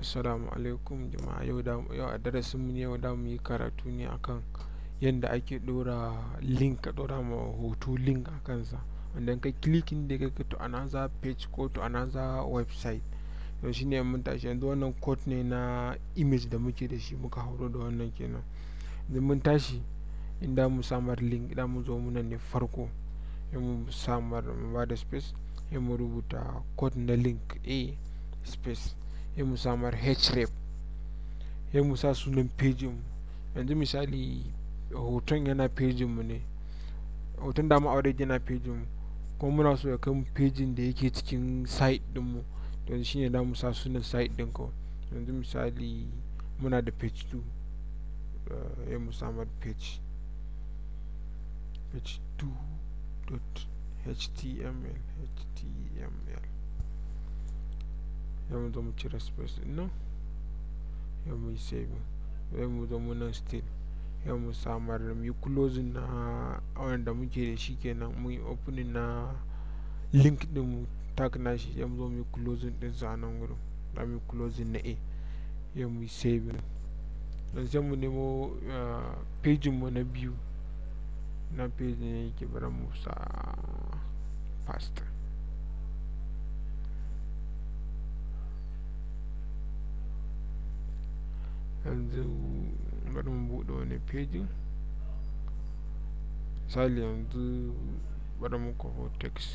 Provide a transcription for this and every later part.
assalamu alaikum jama'a yau da yau a darasin mu yau da mu yi karatu ne akan yadda ake dora link ka dora ma hoto link a kansa wanda ka clicking da kai to another page ko to another website to shine mun tashi yanzu wannan code ne na image da muke da shi muka hauro da wannan kenan idan mun tashi inda da mu samar link da mu zo mun ne farko in mu samar mu ba da space in mu rubuta code na link a space ya musa mar hrep ya musa sunan pejin mu yanzu misali hoton yana pejin mu ne hoton dama aure yana pejin mu kuma muna so ya kai mu pejin da yake cikin site din mu yanzu shine da musa sunan site din ko yanzu misali muna da page 2 ya eh, musa mar page page 2.html html za mu zo cire space din nan ya mu yi saving mu nan still ya mu samar mu yi closing na wanda muke da shi kenan mu yi na link din mu tag nashi ya mu zo mu yi closing din sa nan gurin mu yi closing na a ya mu yi saving mu nemo eh, pejin mu na biyu na pejin yake bari mu sa yanzu bari mu buɗe wani fejin misali yanzu bari mu kwafo text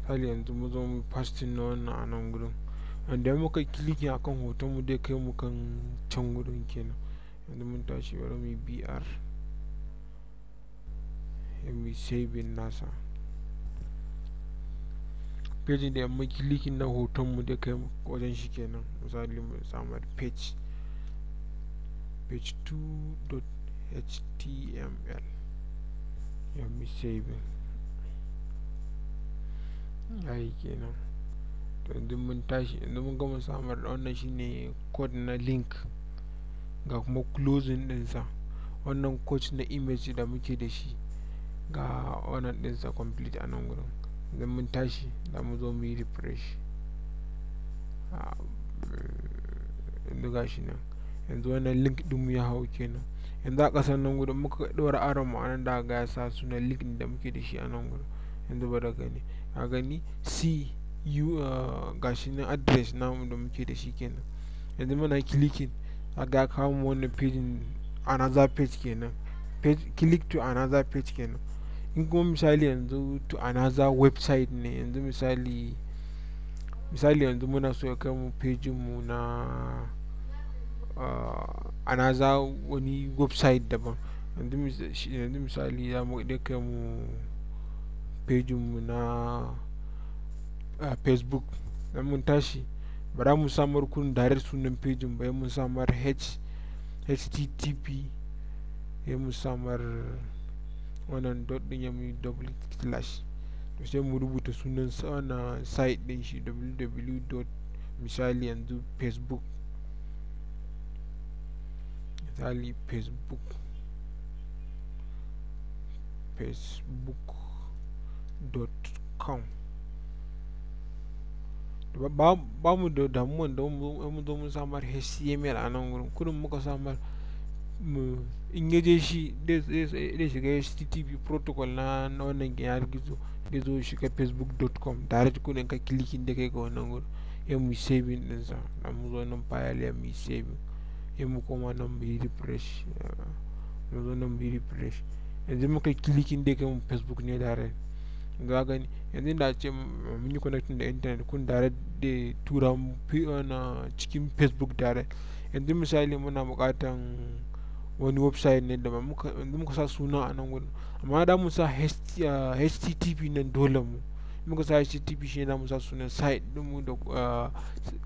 misali yanzu mu zo mu fasting na wannan a nan gudun wanda muka kiliki kan hoton mu dai kai mu kan can gudun kenan yanzu mun tashi bari mu yi br mu saving nasa pejin da yamma kilikin na hotonmu da kai wajen shi kenan misali mu samar page page 2.html yamma saving yi kenan to yanzu mun tashi yanzu mun gama samar da wannan shine code na link ga kuma closing ɗinsa wannan code na image da muke da shi ga wannan ɗinsa complete a nan gurin idan mun tashi da mu zo mu yi refresh ah, yanzu ga shi nan yanzu wannan link din mu ya hau kenan yanzu a ƙasar nan gudun muka ɗora aron mu anan da ga ya sa sunan link da muke da shi a nan gudun yanzu ba da gani a gani c u ah, ga shi nan address namu da muke da shi kenan yanzu muna clicking a ga kawo mu wannan page another page kenan page click to another page kenan kuma misali yanzu to another website ne yanzu misali misali yanzu muna so ya kai mu pejin mu na uh, ah, another wani website daban yanzu misali za mu kai mu pejin mu na uh, facebook dan mun tashi ba za mu samar kun direct sunan pejin ba mun samar http ya mu samar wannan dot din ya mu double slash to sai mu rubuta sunan wannan site din shi www misali yanzu facebook misali facebook facebook.com ba mu da damuwan da mu zo mu samar html a nan wurin kudin muka samar mu in ya je shi zai shiga http protocol na wannan yanar gizo gizo shiga facebook.com direct kudin ka kilikin da kai ga wannan gudu ya mu saving dinsa na mu zo nan file ya mu saving ya mu koma nan mu yi refresh mu zo nan mu yi refresh yanzu muka kilikin da kai mu facebook ne tare ga gani yanzu da ce mun yi connection da internet kun direct da tura mu cikin facebook tare yanzu misali muna bukatan wani website ne da muka sa suna a nan gudun amma da mu sa http uh, nan dole mu muka sa http shi ne mu sa sunan site mu da uh,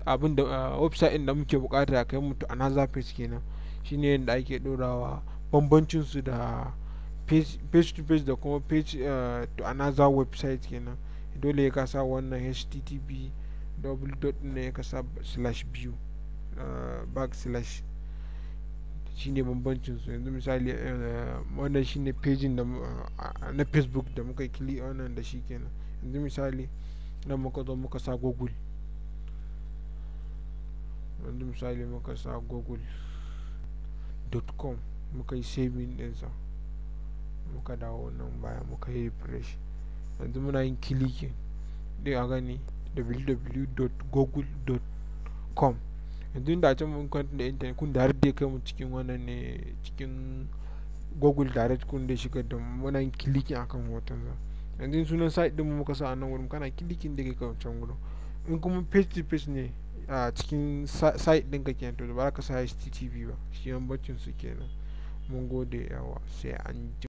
abin da uh, website da muke bukata a kai to ana naza page kenan shine yadda ake dorawa bambancin su da page to page da kuma page to another website kenan dole ya kasa wannan http double dot ne ya kasa slash biyu back slash shine bambancin su yanzu misali eh, wannan shine pejin da na facebook da muka kili wannan da shi kenan yanzu misali nan muka zo muka sa google yanzu misali muka sa google.com muka yi saving ɗinsa muka dawo nan baya muka yi refresh yanzu muna yin kilikin dai a gani www.google.com yanzu a can mun kwanta da intanet kun direct dai kai mu cikin wannan ne cikin google direct kun dai shigar da wannan kilikin akan hoton sa yanzu sunan site din muka sa a nan wurin kana kilikin da kai kan can wurin in kuma page to page ne a cikin site din ka kenan to ba za ka sa http ba shi yan baccin su kenan mun gode yawa sai an